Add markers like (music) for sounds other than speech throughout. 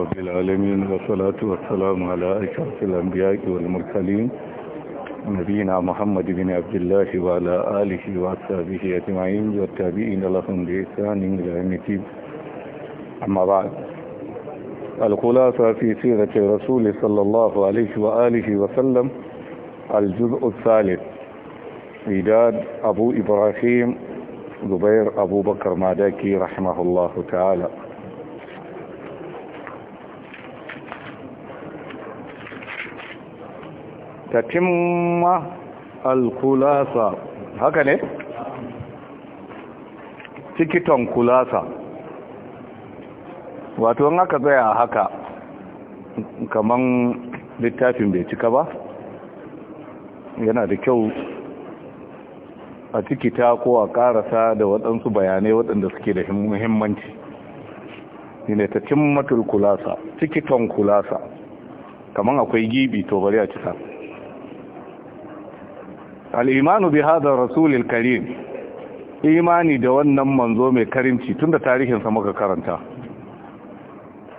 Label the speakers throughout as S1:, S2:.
S1: رب العالمين والصلاة والسلام على أشرف الأنبياء والمرسلين نبينا محمد بن عبد الله وعلى آله وأصحابه أجمعين والتابعين لهم بإحسان إلى يوم الدين أما بعد الخلاصة في سيرة الرسول صلى الله عليه وآله وسلم الجزء الثالث إيداد أبو إبراهيم زبير أبو بكر مادكي رحمه الله تعالى tatimma al-kulasa haka ne tikiton kulasa wato in aka tsaya haka kaman littafin bai cika ba yana da kyau a tikita ko a karasa da waɗansu bayanai waɗanda suke da muhimmanci ne ta cimmatul kulasa tikiton kulasa kaman akwai gibi to bari a cika al'imanu bi hada rasulil karim imani da wannan manzo mai karimci tunda tarihinsa muka karanta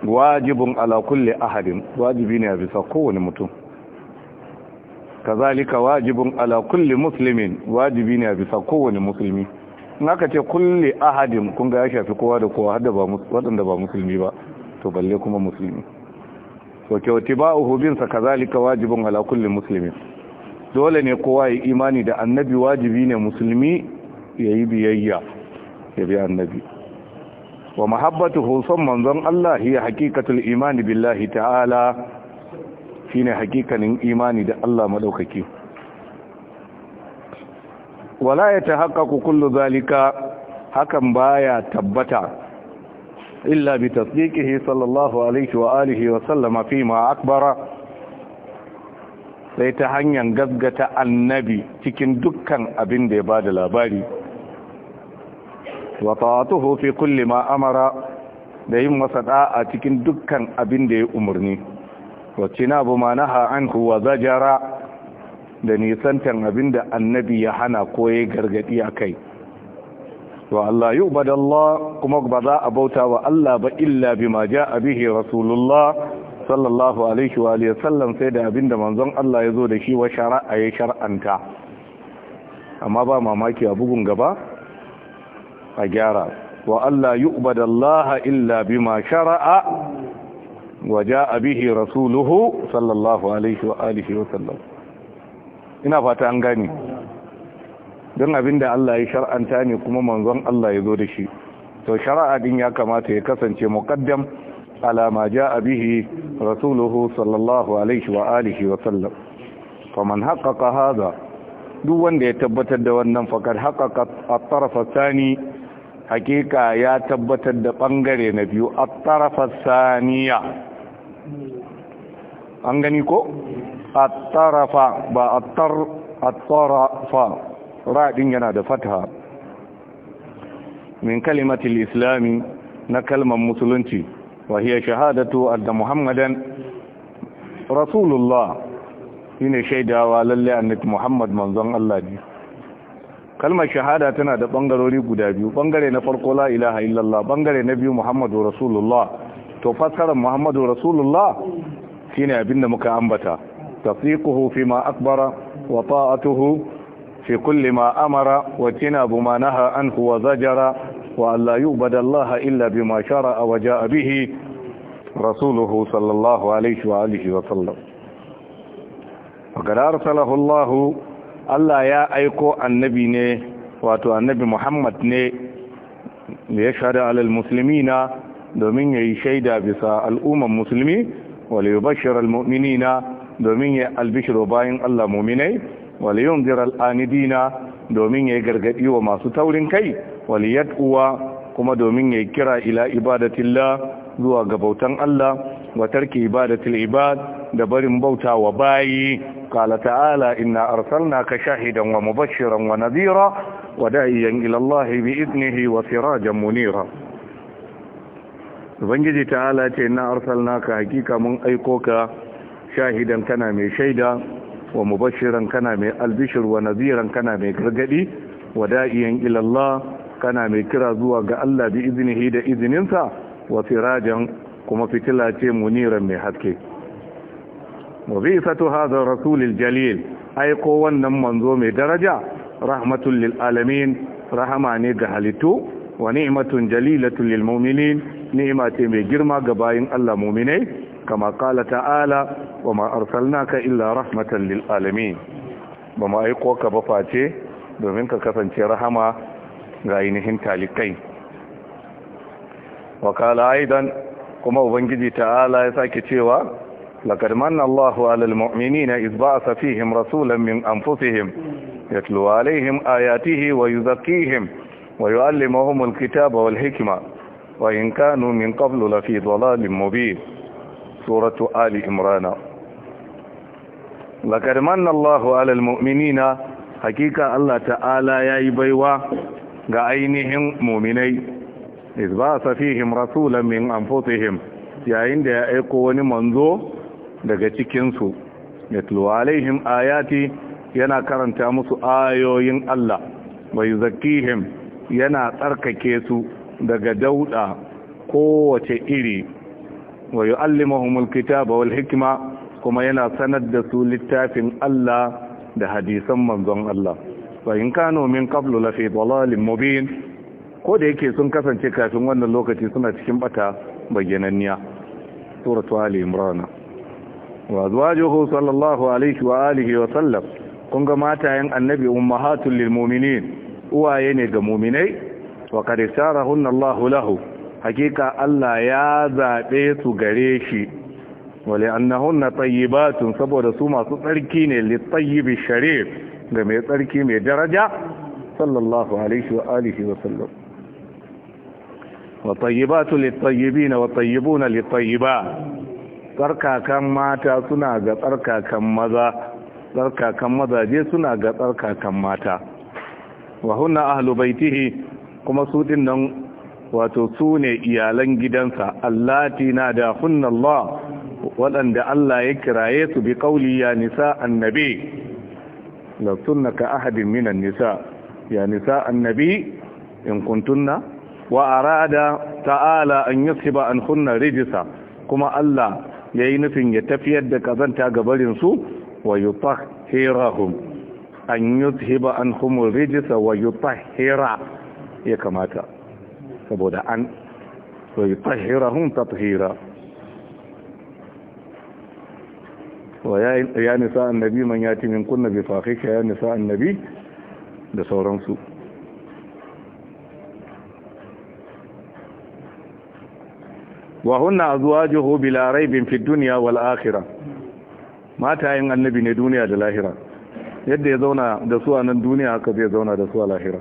S1: wajibin alakulli ahadin wajibi ne a bisa kowane mutum kazalika wajibin ala musulmin wajibi ne a bisa kowane musulmi in aka ce kulli ahadin kun ga ya shafi kowa da kowa har ba waɗanda ba musulmi ba to balle kuma musulmi so kyauti bin sa kazalika wajibin ala musulmin. dole ne kowa ya imani da annabi wajibi ne musulmi ya yi biyayya ya bi annabi wa mahabbatu husan manzon Allah hiya haqiqatul imani billahi ta'ala shine hakikanin imani da Allah madaukaki wala yatahaqqaqu kullu zalika hakan baya tabbata illa bi tasdiqihi sallallahu alaihi wa alihi wa sallama fi ma akbara sai ta hanyar gaggata annabi cikin dukkan abin da ya ba da labari wa ta'atuhu fi kulli ma amara da yin masa da'a cikin dukkan abin da ya umarni wacce na bu manaha an za zajara da nisantan abin da annabi ya hana ko ya gargadi a kai wa Allah yi ubadallah kuma ba za a bauta wa Allah ba illa bi ma ja a bihe rasulullah sallallahu alaihi wa sallam sai da abinda manzon Allah ya zo da shi wa shara'a ya shar'anta amma ba mamaki a bugun gaba a gyara wa Allah yu'badallaha illa bima shara'a wa ja'a bihi rasuluhu sallallahu alaihi wa alihi wa sallam ina fata an gane don abinda Allah ya shar'anta ne kuma manzon Allah ya zo da shi to shara'a din ya kamata ya kasance muqaddam على ما جاء به رسوله صلى الله عليه وآله وسلم فمن حقق هذا duk wanda ya tabbatar da wannan fakar haƙaƙa a tarafa sani hakika ya tabbatar da ɓangare na biyu a saniya an gani ko? a ba yana da fata min kalimatul islami na kalmar musulunci وهي شهادة أن محمدا رسول الله shine shaidawa lalle annabi Muhammad manzon Allah kalmar shahada tana da bangarori guda biyu bangare na farko la illallah bangare na biyu Muhammadu rasulullah to fassarar Muhammadu rasulullah shine abinda muka ambata tasdiquhu fima akbara wa ta'atuhu fi kulli ma amara wa tinabu ma naha anhu wa وأن لا يؤبد الله إلا بما شرع وجاء به رسوله صلى الله عليه وآله وسلم وقد أرسله الله Allah ya aiko annabi ne wato annabi Muhammad ne da ya shahada alal musulmina domin ya yi shaida bisa al'ummar musulmi wale yi bashirar mu'minina domin ya albishiro bayan Allah muminai wale yi zirar anidina domin ya gargaɗi wa masu taurin kai uwa kuma domin ya kira ila ibadatillah zuwa ga Allah wa tarki ibadatil ibad da barin bauta wa bayi qala ta'ala inna arsalnaka shahidan wa mubashiran wa nadhira wa da'iyan ila Allah bi wa sirajan munira ubangiji ta'ala ce na arsalnaka hakika mun aiko ka shahidan kana mai shaida wa mubashiran kana mai albishir wa nadhiran kana mai gargadi wa da'iyan ila Allah kana mai kira zuwa ga Allah bi iznihi da izininsa wa sirajan kuma fitila ce muniran mai haske wa bi fatu hadha rasulil jalil ai ko wannan manzo mai daraja rahmatul lil alamin rahama ne ga halittu wa ni'matun jalilatul lil mu'minin ni'ima ce mai girma ga bayin Allah mu'minai kama qala ta'ala wa ma arsalnaka illa rahmatan lil alamin ba ma aiko ka ba ce domin ka kasance rahama gainihin ainihin wa kala aidan kuma ubangiji ta'ala ya sake cewa laqad manna Allahu 'alal mu'minina iz ba'atha fihim rasulan min anfusihim yatlu 'alayhim ayatihi wa yuzakkihim wa yu'allimuhum al-kitaba wal hikma wa in kanu min qablu lafi dhalalin mubin suratu ali imran laqad manna Allahu 'alal mu'minina hakika Allah ta'ala yayi baiwa ga ainihin muminai is ba sa fihim rasulan min anfusihim yayin da ya aiko wani manzo daga cikinsu yatlu alaihim ayati yana karanta musu ayoyin Allah wa yuzakkihim yana tsarkake su daga dauda kowace iri wa yu'allimuhumul kitaba wal hikma kuma yana sanar da su littafin Allah da hadisan manzon Allah fa in kano min qablu la dalalin mubin ko da yake sun kasance kafin wannan lokaci suna cikin bata bayyananniya suratu ali imran wa azwajuhu sallallahu alaihi wa alihi wa sallam kun ga matayen annabi ummahatul lil mu'minin uwaye ne ga mu'minai wa qad sarahunna Allahu lahu hakika Allah ya zaɓe su gare shi wale annahunna tayyibatun saboda su masu tsarki ne li sharif da mai tsarki mai daraja sallallahu alaihi wa alihi wa sallam wa tayyibatu lit-tayyibin wa tayyibuna lit-tayyibat tsarkakan mata suna ga tsarkakan maza tsarkakan suna ga tsarkakan mata wa hunna ahlu baitihi kuma su wato su ne iyalan gidansa allati na da hunna Allah waɗanda Allah ya kiraye su bi ƙauli ya nisa annabi la ahadin minan nisa ya nisa annabi in kuntunna wa arada ta'ala an yasiba an kunna rijisa kuma Allah yayi nufin ya tafiyar da kazanta gabarin su wa yutahhirahum an yuzhiba anhum rijisa ya kamata saboda an wa ya nisa annabi man ya timin kunna bi fahisha ya nisa annabi da sauransu wa hunna azwajuhu bila raibin fi dunya wal akhirah yin annabi ne duniya da lahira yadda ya zauna da su a nan duniya haka zai zauna da su a lahira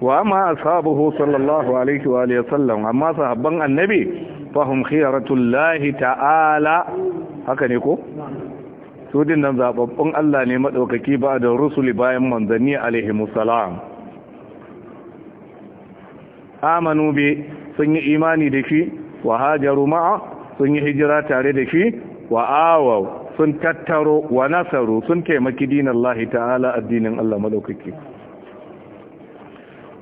S1: wa amma ashabuhu sallallahu alaihi wa alihi sallam amma sahabban annabi fahim khiyaratullahi ta'ala haka ne ko? su nan zababbun Allah ne maɗaukaki ba da rusuli bayan manzanni alaihi musalam amanu bi sun yi imani da shi wa hajaru ma'a sun yi hijira tare da shi wa sun tattaro wa nasaru sun taimaki dinin Allah ta'ala addinin Allah maɗaukaki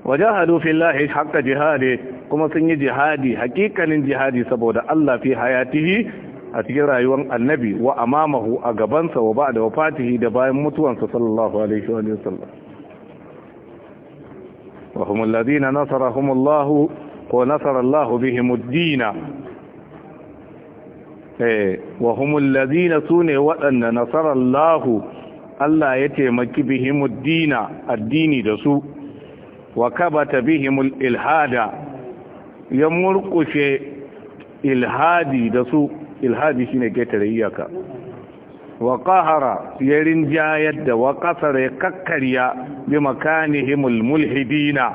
S1: Wajen hadu fillahi haqqa jihadi kuma sun yi jihadi hakikanin jihadi saboda Allah fi hayatihi a cikin rayuwar annabi wa amamahu a gabansa wa ba'da wafatihi da bayan mutuwansa sallallahu alaihi wa sallam wa hum ko nasara eh wa sune waɗanda nasara Allahu Allah ya taimaki bihim addini da su wa kabata bihimul ilhada ya murkushe ilhadi da su ilhadi shine ketare iyaka wa qahara ya rinjayar da wa kasara ya kakkarya bi makanihimul mulhidina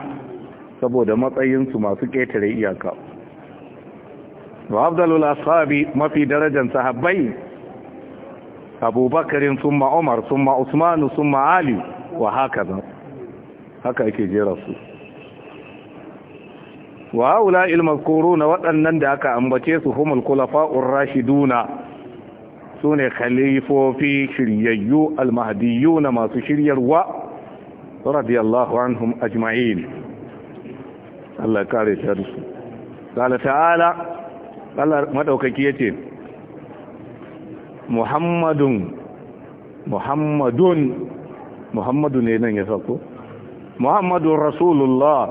S1: saboda matsayinsu masu ketare iyaka wa afdalul ashabi mafi darajan sahabbai abubakarin summa umar summa usmanu summa ali wa hakaza haka yake jera su wa haula na waɗannan da aka ambace su humul kulafa'ur rashiduna su ne khalifofi shiryayyu almahdiyu na masu shiryarwa radiyallahu anhum ajma'in Allah kare ta su qala ta'ala Allah madaukaki yace Muhammadun Muhammadun Muhammadu ne nan ya sako Muhammadu rasulullah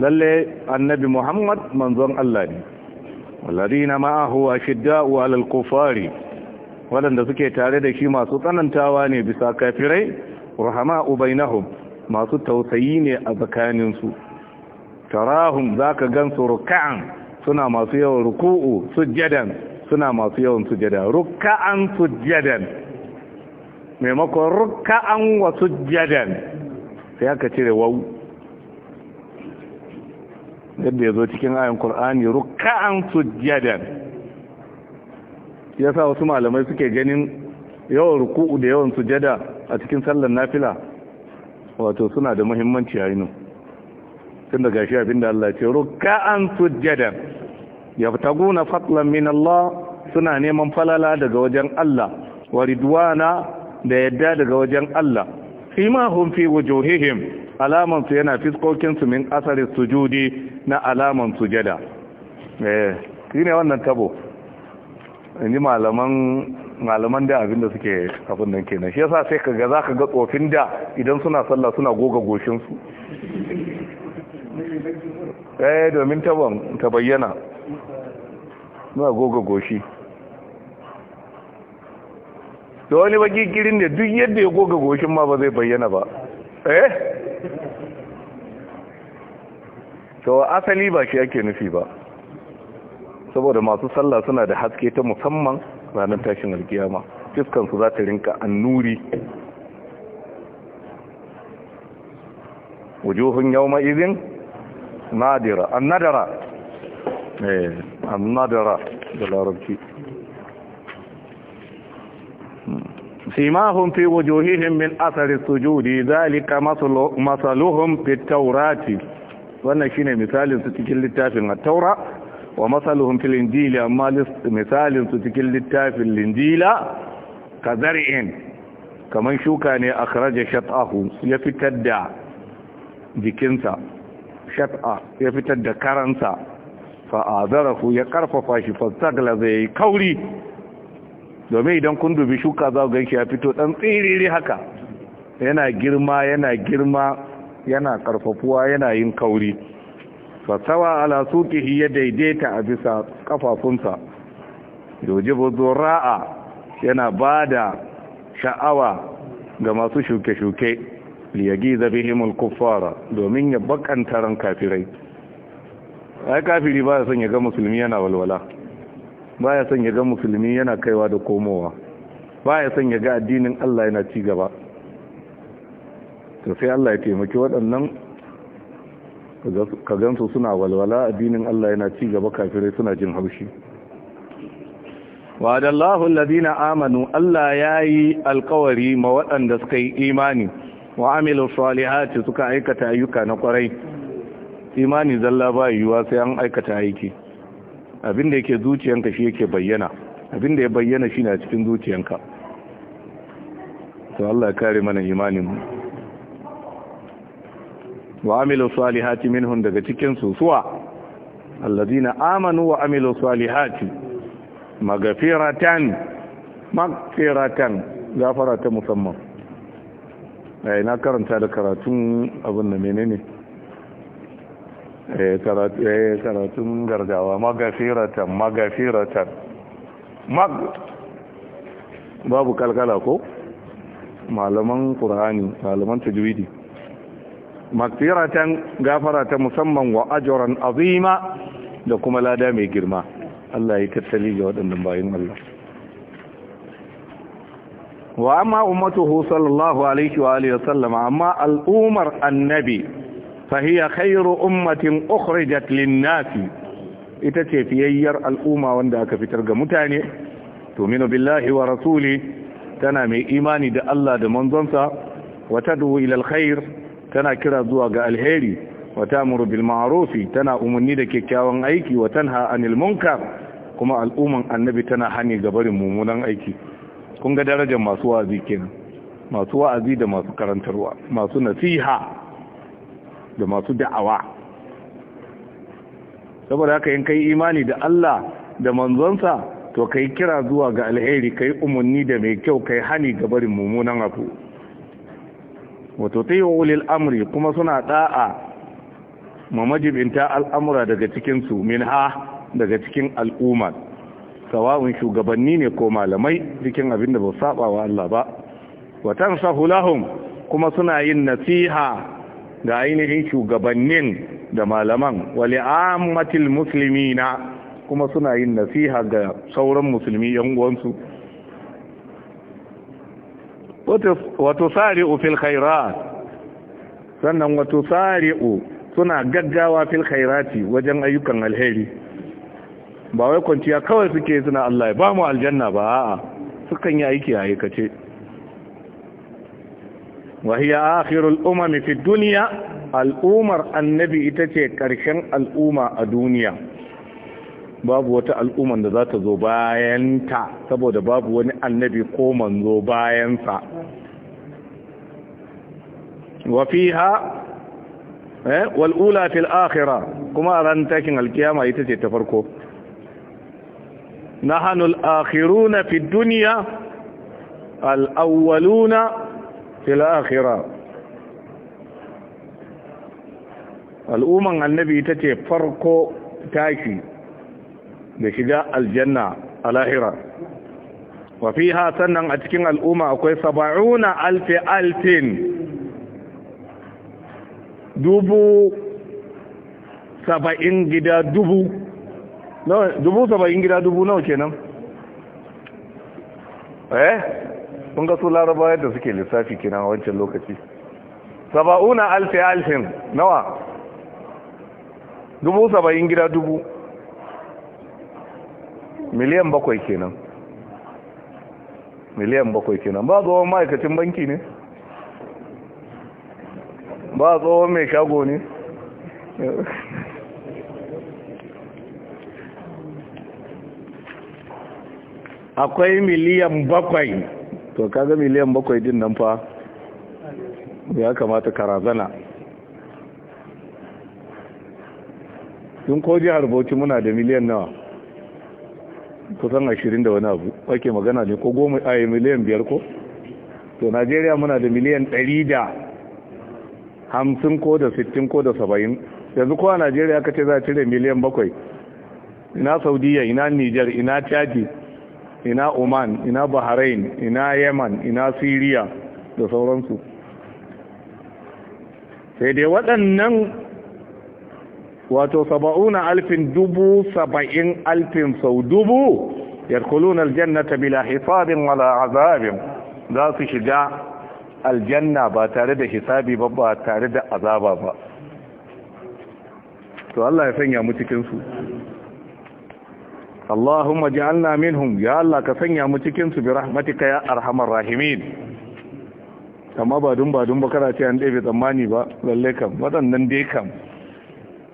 S1: lalle annabi muhammad manzon Allah ne walladina ma'ahu ashidda'u 'alal kufari waɗanda suke tare da shi masu tsanantawa ne bisa kafirai rahama'u bainahum masu tausayi ne a tsakanin su tarahum zaka gansu ruk'an suna masu yawan ruku'u sujjadan suna masu yawan sujjada ruk'an sujjadan maimakon ruk'an wa sujjadan sai aka cire wau yadda ya zo cikin ayin kur'ani ruka'an sujjadan ya sa wasu malamai suke ganin yawan ruku'u da yawan sujjada a cikin sallar nafila wato suna da muhimmanci ainihin tun da gashi abinda Allah ce ruka'an sujjadan ya na fatlan min Allah suna neman falala daga wajen Allah wa na da yadda daga wajen Allah simahum fi wujuhihim alaman su yana fiskokin su min asari sujudi na alaman sujada eh shine wannan tabo inji malaman malaman da abinda suke abin nan kenan shi yasa sai kaga zaka ga tsofin da idan suna sallah suna goga goshin su eh domin tabon ta bayyana suna goga goshi da wani baki kirin da duk yadda ya goga goshin ma ba zai bayyana ba eh to asali ba shi ake nufi ba saboda masu sallah suna da haske ta musamman ranar tashin alkiyama fiskansu za ta rinka annuri wujuhun yau ma'izin nadira annadara eh annadara da larabci سيماهم في وجوههم من أثر السجود ذلك مثلهم في التوراة وأن شين مثال ستكل التافن التوراة ومثلهم في الإنجيل أما مثال ستكل التافن الإنجيل كذرع كمن شوكاني أخرج شطأه يفتد jikinsa shat'a ya fitar da karansa fa'azarafu ya karfafa shi fastagla zai yi kauri domin idan kun dubi shuka za ku ya fito dan tsiriri haka yana girma yana girma yana karfafuwa yana yin kauri fasawa ala suqihi ya daidaita a bisa kafafunsa yujibu zura'a yana bada sha'awa ga masu shuke-shuke liyagiza bihimul kuffara domin ya bakanta ran kafirai ai kafiri ba son ya ga musulmi yana walwala baya son ya ga musulmi yana kaiwa da komowa baya son ya ga addinin Allah yana ci gaba to sai Allah ya taimaki waɗannan ka gansu suna walwala addinin Allah yana ci gaba kafirai suna jin haushi wa alladhina amanu Allah yayi alƙawari ma waɗanda suka yi imani wa amilu salihati suka aikata ayyuka na kwarai imani zalla ba yiwuwa sai an aikata aiki abin da yake zuciyanka shi yake bayyana abin da ya bayyana shi na cikin zuciyanka to Allah kare mana imaninmu wa amilu salihati minhum daga cikin su suwa allazina amanu wa amilu salihati magfiratan magfiratan gafara ta musamman ai eh, na karanta da karatun abin da menene Eh, eh, karatun gargawa magafiratan magafiratan mag babu kalkala ko malaman ƙur'ani malaman tajwidi magfiratan gafara ta musamman wa ajran azima da kuma lada mai girma Allah ya tattali ga waɗannan bayin Allah wa amma ummatuhu sallallahu alaihi wa alihi wa sallama amma al'umar annabi fahiya khairu ummatin ukhrijat lin ita ce fiyayyar al'umma wanda aka fitar ga mutane tuminu billahi wa rasuli tana mai imani da Allah da manzonsa wa tad'u ila alkhair tana kira zuwa ga alheri wa ta'muru bil ma'ruf tana umarni da kyakkyawan aiki wa tanha anil munkar kuma al'umman annabi tana hani ga barin mummunan aiki kun ga darajar masu wa'azi kenan masu wa'azi da masu karantarwa masu nasiha da masu da'awa saboda haka yin kai imani da Allah da manzonsa to kai kira zuwa ga alheri kai umarni da mai kyau kai hani ga barin mummunan abu wato ta yi wulil amri kuma suna da'a ma majibinta al'amura daga cikin min ha daga cikin al'umma sawa'un shugabanni ne ko malamai cikin abin da ba saba wa Allah ba watan sahulahum kuma suna yin nasiha Da ainihin shugabannin da malaman wali ammatil na kuma suna yin nasiha ga sauran musulmi yan uwansu wato sari'u fil khairat sannan wato sari'u suna gaggawa fil khairati wajen ayyukan alheri ba wai kwanciya kawai suke suna Allah ya ba mu aljanna ba a'a sukan yi aiki a aikace wa hiya akhirul umami fi dunya al'umar annabi ita ce ƙarshen al'umma a duniya babu wata al'umman da za ta zo bayanta saboda babu wani annabi ko manzo bayansa wafiha wal'ula fil akhira kuma a ran takin alkiyama ita ce ta farko na hannun akhiruna fi duniya al'awwaluna fil akhirah al'umman annabi ita ce farko tashi da shiga aljanna a lahira wa fiha sannan a cikin al'umma akwai saba'una alfi alfin dubu saba'in gida dubu dubu saba'in gida dubu nawa kenan eh kun ga su laraba yadda suke lissafi kina wancan lokaci saba'una alfi alfin nawa dubu saba'in gida dubu miliyan bakwai kenan miliyan bakwai kenan ba tsohon ma'aikacin banki ne ba tsohon mai shago ne akwai miliyan bakwai to kaga miliyan bakwai din nan fa ya kamata karazana sun ko jihar bauchi muna da miliyan nawa kusan ashirin da wani abu ake magana ne ko goma a miliyan biyar ko to najeriya muna da miliyan dari da hamsin ko da sittin ko da saba'in yanzu kowa najeriya ka ce za a cire miliyan bakwai ina saudiya ina nijar ina chadi. ina oman ina bahrain ina yaman ina siriya da sauransu sai dai waɗannan wato saba'una alfin dubu saba'in alfin sau dubu yadkuluna aljannata bila hisabin wala azabin za su shiga aljanna ba tare da hisabi ba ba tare da azaba ba to Allah ya sanya mu cikinsu. Allahumma ja'alna minhum ya Allah ka sanya mu cikin su bi rahmatika ya arhamar rahimin amma ba dun ba dun ba kana ce an bai tsammani ba lalle kam waɗannan dai kam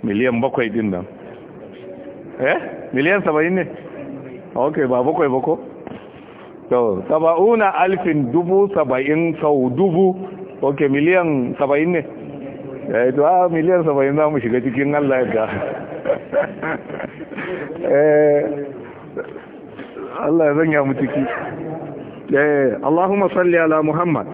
S1: miliyan bakwai din nan eh miliyan saba'in ne ok ba bakwai ba ko. to saba'una alfin dubu saba'in sau dubu ok miliyan saba'in ne ya yi tuwa miliyan saba'in za mu shiga cikin allah ya ga eh, allah ya zanya mu ciki eh, Allahumma salli ala Muhammad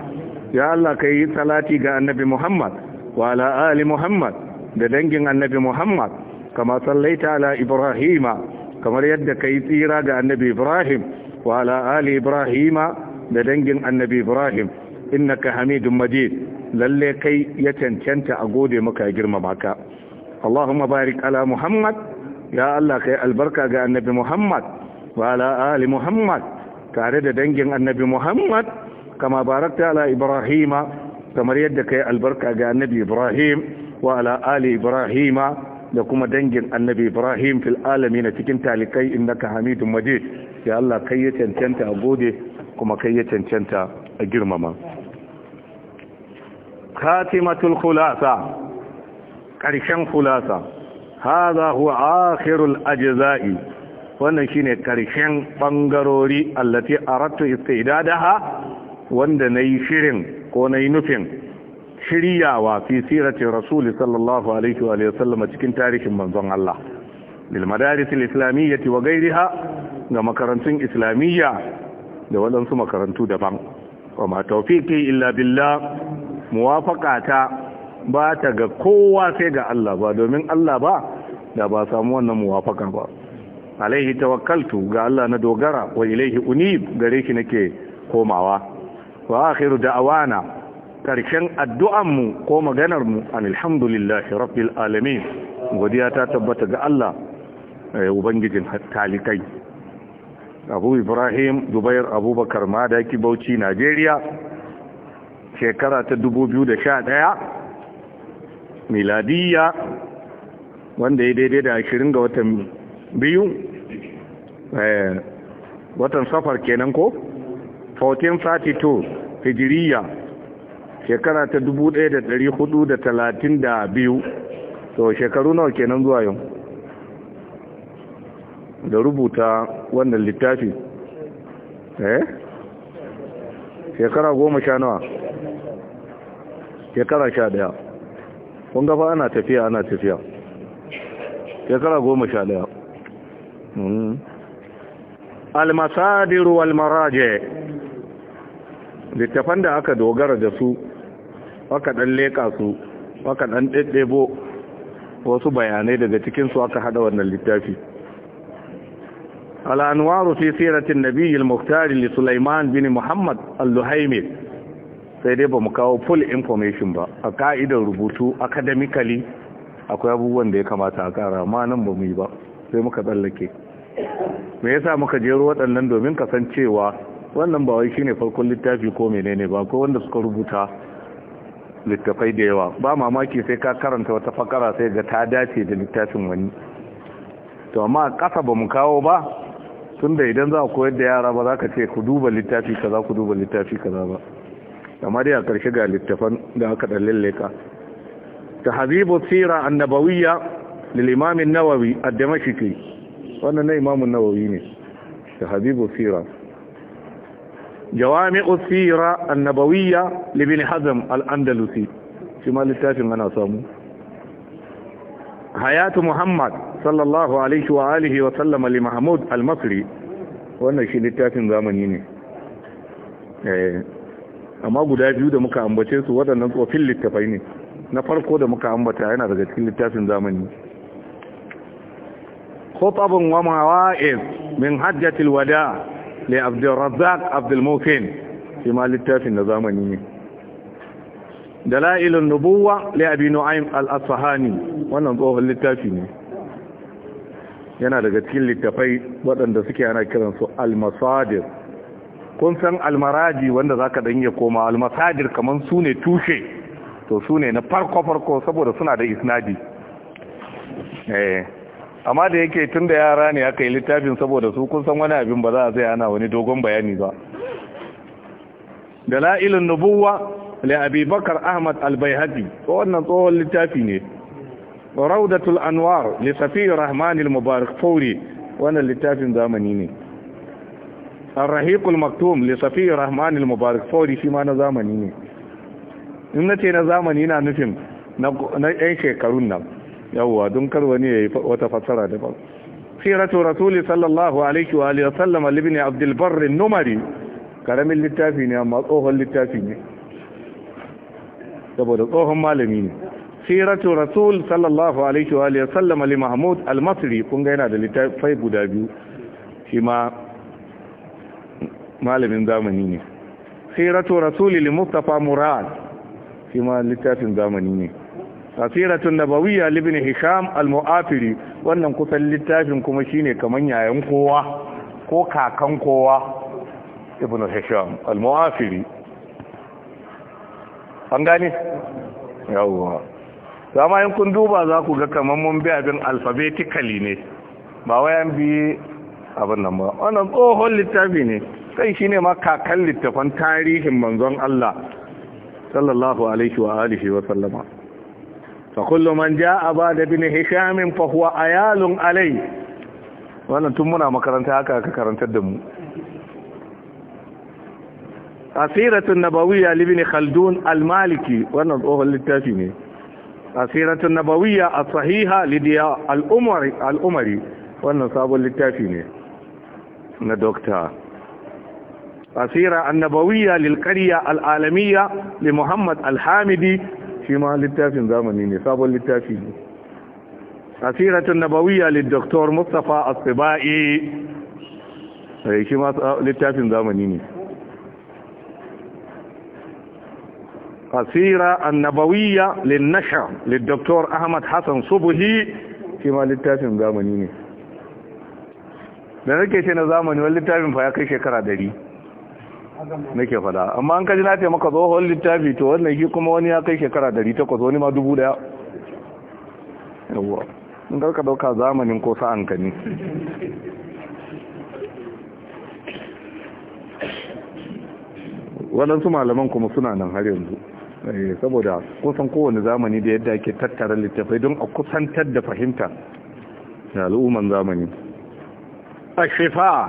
S1: ya Allah ka yi salati ga annabi Muhammad wa ala ali Muhammad da dangin annabi Muhammad kama sallaita ala Ibrahima kamar yadda ka yi tsira ga annabi Ibrahim wa ala ali Ibrahima da dangin annabi Ibrahim innaka hamidun Majid lalle kai ya cancanta a gode maka ya girmama ka Allahumma barik ala Muhammad ya Allah kai albarka ga annabi Muhammad wa ala ali Muhammad tare da dangin annabi Muhammad kama barakta ala Ibrahima kamar yadda kai albarka ga annabi Ibrahim wa ala ali Ibrahima da kuma dangin annabi Ibrahim fil alamin cikin talikai innaka Hamidum Majid ya Allah kai ya cancanta a gode kuma kai ya cancanta a girmama khatimatul khulasa ƙarshen khulasa haza huwa akhirul ajza'i wannan shine ƙarshen bangarori allati aradtu istidadaha wanda nayi shirin ko nayi nufin shiryawa fi sirati rasul sallallahu alaihi wa sallam cikin tarihin manzon Allah lil madaris al islamiyyah wa ghayriha ga makarantun islamiyya da waɗansu makarantu daban wa ma tawfiqi illa billah muwafaka ta ba ta ga kowa sai ga Allah ba domin Allah ba da ba samu wannan muwafaka ba alaihi tawakkaltu ga Allah na dogara wa ilaihi unib gare shi nake komawa wa akhiru da'wana karshen addu'an mu ko maganar mu alhamdulillahi rabbil alamin godiya ta tabbata ga Allah eh, ubangijin talikai abu ibrahim Dubair abubakar madaki bauchi najeriya shekara ta 2011 miladiyya wanda ya daidai da 20 ga watan biyu eh, watan safar kenan ko 1432 hijiriya shekara ta 1432 to shekaru nawa kenan zuwa yau da rubuta wannan littafi eh shekara goma sha nawa shekara sha daya kun gafa ana tafiya ana tafiya shekara goma sha daya hmm. almasadiru almaraje littafan da aka dogara da su aka dan leka su aka dan ɗaiɗebo wasu bayanai daga cikinsu aka hada wannan littafi al'anwaru fi siratin nabiyyil muktari li sulaiman bin muhammad al-luhaimid sai dai ba mu kawo full information ba a ka'idar rubutu academically akwai abubuwan da ya kamata a kara ma nan ba mu yi ba sai muka tsallake me yasa muka jero waɗannan domin kasancewa wannan ba wai shine farkon littafi ko menene ba ko wanda suka rubuta littafai da yawa ba mamaki sai ka karanta wata fakara sai ga ta dace da littafin wani to amma kasa ba mu kawo ba tunda idan za ku koyar da yara ba za ka ce ku duba littafi kaza ku duba littafi kaza ba amma dai a ga littafan da aka ka. ta Habibu Sira annabawiyya an nawawi ad-damashqi wannan imam an nawawi ne ta Habibu Sira. jawami'u tsira annabawiyya hazm al-Andalusi. shi ma littafin ana samu hayatu muhammad sallallahu alaihi wa alihi wa sallam li mahmud al-masri wannan shi littafin zamani ne eh. amma guda biyu da muka ambace su waɗannan tsofin littafai ne na farko da muka ambata yana daga cikin littafin zamani khutabun wa mawa'iz min hajjatil wada li razzaq abdul mukin shi ma littafin na zamani ne dalailun nubuwa li abi nu'aym al-asfahani wannan tsohon littafi ne yana daga cikin littafai waɗanda suke ana kiransu al-masadir kun san almaraji wanda za ka danye koma almasajir kamar su ne tushe to su ne na farko farko saboda suna da isnadi eh amma da yake tunda yara ne aka yi littafin saboda su kun san wani abin ba za a tsaya ana wani dogon bayani ba la'ilin nubuwa li abubakar ahmad al ko wannan tsohon littafi ne rawdatul anwar li safi rahmanil mubarak fauri wannan littafin zamani ne arrahiqul maktum li safi rahman mubarak fauri shi ma na zamani ne in na ce na zamani na nufin na yan shekarun nan yawwa don kar wani ya yi wata fassara da daban siratu rasuli sallallahu alaihi wa alihi wasallam ibn abdul barr numari karamin littafi ne amma tsohon littafi ne saboda tsohon malami ne siratu rasul sallallahu alaihi wa alihi wasallam li mahmud al-masri kun ga yana da littafai guda biyu shi ma malamin zamani ne siratu rasulil mustafa murad shi ma littafin zamani ne asiratun nabawiyya libin hisham al-mu'afiri wannan kusan littafin kuma shine kaman yayan kowa ko kakan kowa ibn hisham al-mu'afiri an gane yawa zama in kun duba za ku ga kaman mun bi abin alphabetically ne ba wayan bi abin nan ba wannan tsohon littafi ne kai shine ma kakan littafan tarihin manzon Allah sallallahu alaihi wa alihi wa sallama fa kullu man jaa ba'da bin hisham fa huwa ayalun alai wannan tun muna makaranta haka ka karantar da mu asiratun nabawiyya bin khaldun al-maliki wannan tsohon littafi ne asiratun nabawiyya as-sahiha lidiya al-umari al-umari wannan sabon littafi ne na dokta asira annabawiyya lil qarya al alamiyya li muhammad al hamidi shi littafin zamani ne sabon littafi ne asiratun nabawiyya lil doktor mustafa as eh, littafin zamani ne ahmad hasan subhi shi littafin zamani ne da nake ce na zamani wani littafin fa ya kai shekara ɗari. nake fada amma an kaji na ce maka tsohon littafi to wannan shi kuma wani ya kai shekara 800 wani ma 1000 yawa in karka dauka zamanin ko sa'an ka ne waɗansu malaman kuma suna nan har yanzu eh, saboda kusan kowane zamani da yadda ake tattara littafai don a kusantar da fahimta da al'umman zamani الشفاء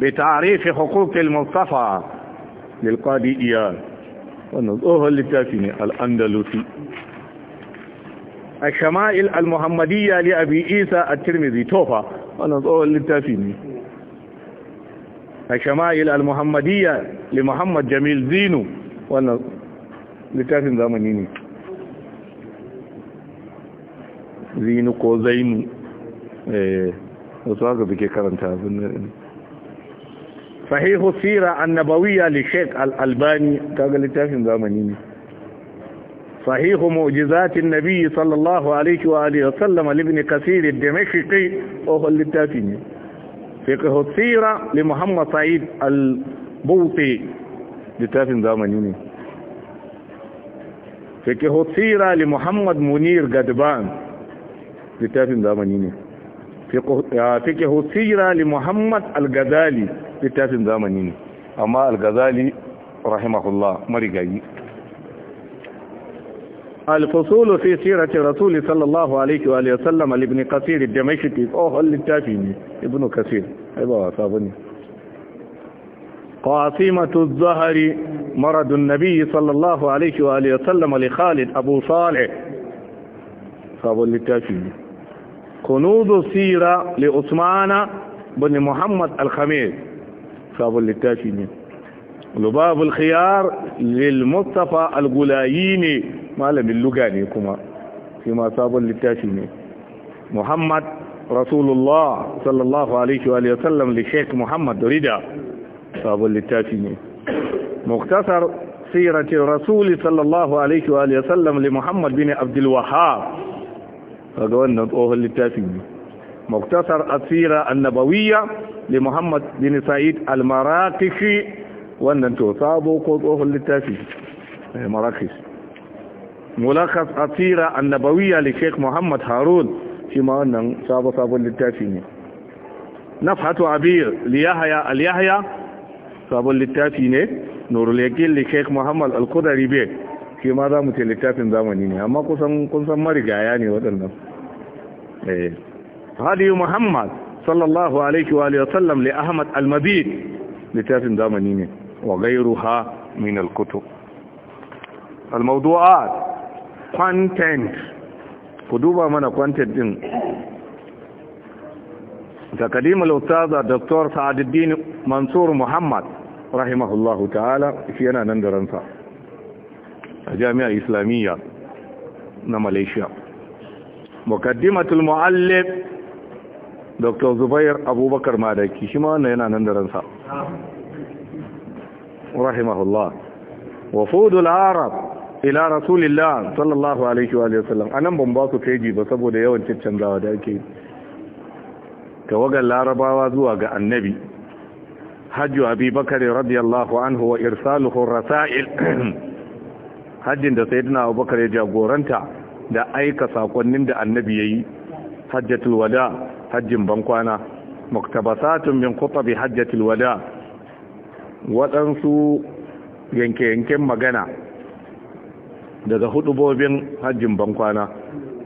S1: بتعريف حقوق المصطفى lilqadi iyal wannan tsohon littafi ne al'andalusi a shama'il al-muhammadiyya li abi isa a tirmizi tofa wannan tsohon littafi ne a shama'il al-muhammadiyya li muhammad jamil zinu wannan littafin zamani ne zinu ko zainu wasu haka ke karanta abin sahihu sira annabawiya li sheik al-albani kaga littafin zamani ne sahihu mu'jizatin nabiyyi sallallahu alaihi wa alihi sallama sallam li ibn kasir ad-damashqi oh littafi ne fiqhu sira li muhammad sa'id al-buti littafin zamani ne fiqhu sira li muhammad munir gadban littafin zamani ne fiqhu ah, sira li muhammad al-ghazali littafin zamani ne amma al-ghazali rahimahullah marigayi الفصول في سيرة رسول صلى الله عليه وآله وسلم لابن كثير الدمشقي أوه التافيني ابن كثير أيوة صابني قاسمة الزهر مرض النبي صلى الله عليه وآله وسلم لخالد أبو صالح صاب التافيني كنوز السيرة لعثمان بن محمد الخميس sabon littafi ne lubabul khiyar lil mustafa al-gulayi ne malamin luga ne kuma shi ma sabon littafi ne muhammad rasulullah sallallahu alaihi wa sallam li sheikh muhammad rida sabon littafi ne muktasar siratin rasuli sallallahu alaihi wa sallam li muhammad bin abdul wahab kaga wannan tsohon littafin. ne مختصر السيرة النبوية لمحمد بن سعيد المراكشي وأن تصابوا قطوه للتافي مراكش ملخص السيرة النبوية لشيخ محمد هارون فيما أن صابوا صابوا للتافي نفحة عبير ليهيا اليهيا صابوا للتافي نور اليقين لشيخ محمد القدري بي shi ma za زمنيني ce littafin zamani ne amma kusan kun هذه محمد صلى الله عليه وآله وسلم لأحمد المدين لتاسم دامنين وغيرها من الكتب الموضوعات content كدوبة من content تقديم الأستاذ الدكتور سعد الدين منصور محمد رحمه الله تعالى في أنا فينا نندرنسا جامعة إسلامية نماليشيا مقدمة المعلم dr zubair abubakar madaki shi ma wannan yana nan da ransa rahimahullah wa fudul arab ila rasulillah sallallahu alaihi wa sallam anan ban ba su keji ba saboda yawan canzawa da ake tawagar larabawa zuwa ga annabi hajju abubakar radiyallahu anhu wa irsaluhu rasail (clears throat) hajjin da sayyidina abubakar ya jagoranta da aika sakonnin da annabi yayi hajjatul wada hajjin bankwana muktabasatun min khutabi hajjatil wada waɗansu yanke-yanken magana daga hudubobin hajjin bankwana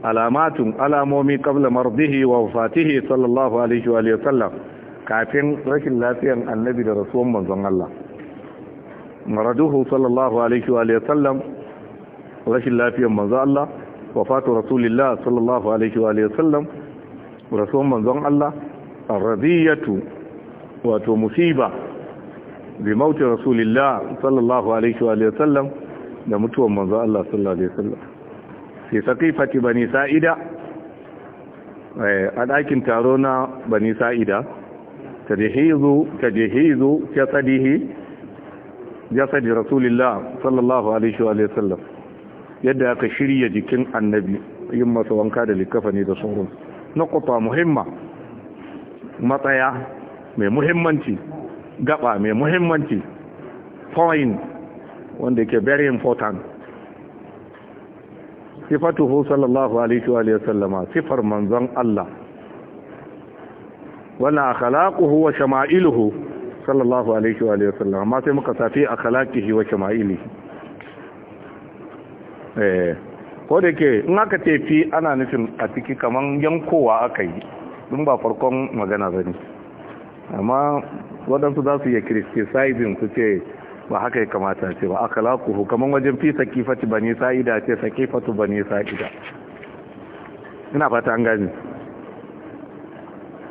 S1: alamatun alamomi qabla mardihi wa fatihi sallallahu alaihi wa sallam kafin rashin lafiyan annabi da rasuwan manzon Allah maraduhu sallallahu alaihi wa sallam rashin lafiyan manzon Allah wafatu rasulillah sallallahu alaihi wa sallam rasuwan manzon Allah radiyatu wato musiba bi mauti rasulillah sallallahu alaihi wa sallam da mutuwan manzon Allah sallallahu alaihi wa sallam fi saqifati bani sa'ida eh, a dakin taro na bani sa'ida tajihizu tajihizu jasadihi jasadi rasulillah sallallahu alaihi wa sallam yadda aka shirya jikin annabi yin masa wanka da likafani da sauransu nukuta muhimma matsaya mai muhimmanci gaba mai muhimmanci point wanda ke very important sifatuhu sallallahu alaihi wa sallama sifar manzon Allah wala akhlaquhu wa shama'iluhu sallallahu alaihi wa sallama ma sai muka safi akhlaqihi wa shama'ilihi eh ko da ke in aka tafi ana nufin a ciki kaman yankowa aka yi ɗin ba farkon magana ba ne amma waɗansu za su yi criticizing su ce ba haka ya kamata ce ba aka lakuhu kaman wajen fi sakifati bani sa'ida ce sakifatu bani sa'ida ina fata an gani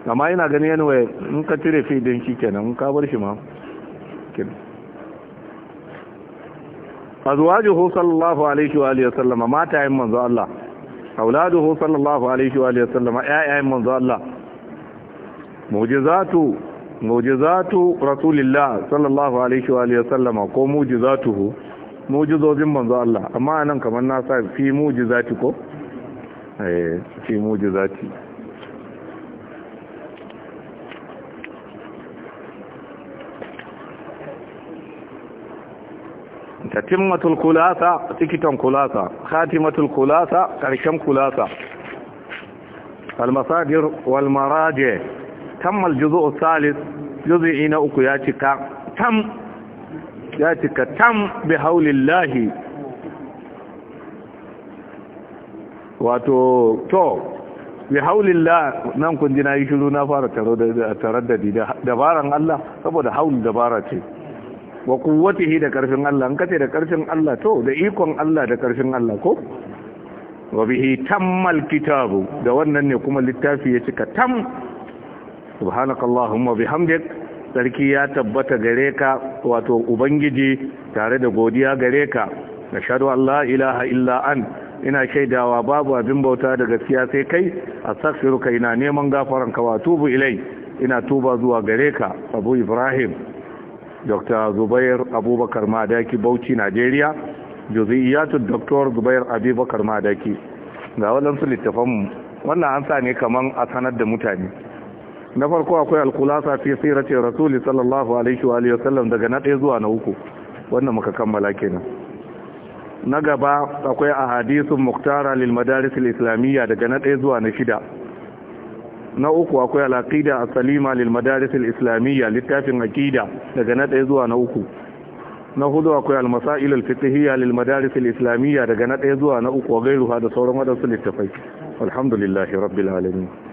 S1: amma ina gani yanuwa in ka cire fi din shi kenan in ka bar shi ma azwajuhu sallallahu alaihi wa alihi wasallama matayen manzo Allah auladuhu sallallahu alaihi wa alihi wasallama ƴaƴayen manzo Allah mu'jizatu mu'jizatu rasulillah sallallahu alaihi wa alihi wasallama ko mu'jizatuhu mu'jizojin manzo Allah amma anan kamar na sa fi mu'jizati ko eh fi mu'jizati khatimatul kulasa tikitan kulasa khatimatul kulasa karshen kulasa almasadir Walmaraje. tammal juzu'u salis juz'i na uku ya cika tam ya cika tam bi haulillahi wato to bi haulillah nan kun na yi shiru na fara taro da taraddadi da dabaran Allah saboda haul dabara ce wa kuwatihi da karfin Allah an kace da karfin Allah to da ikon Allah da karfin Allah ko wa bihi tammal kitabu da wannan ne kuma littafi ya cika tam subhanakallahumma bihamdik sarki ya tabbata gare ka wato ubangiji tare da godiya gare ka nashhadu Allah ilaha illa an ina shaidawa babu abin bauta da gaskiya sai kai astaghfiruka ina neman gafaranka wa tubu ilai ina tuba zuwa gare ka abu ibrahim dr zubair abubakar madaki bauchi nigeria juziyatu dr zubair abubakar madaki ga waɗansu littafanmu wannan an sa ne kaman a sanar da mutane na farko akwai alkulasa fi sirati rasuli sallallahu alaihi wa alihi wasallam daga na ɗaya zuwa na uku wannan muka kammala kenan na gaba akwai ahadisun muktara lil madaris islamiyya daga na ɗaya zuwa na shida na uku akwai al'aqida as-salima lil madaris al-islamiyya littafin aqida daga na ɗaya zuwa na uku na hudu akwai al-masail al-fiqhiyya lil madaris al-islamiyya daga na ɗaya zuwa na uku wa ruha da sauran wadansu littafai alhamdulillah rabbil alamin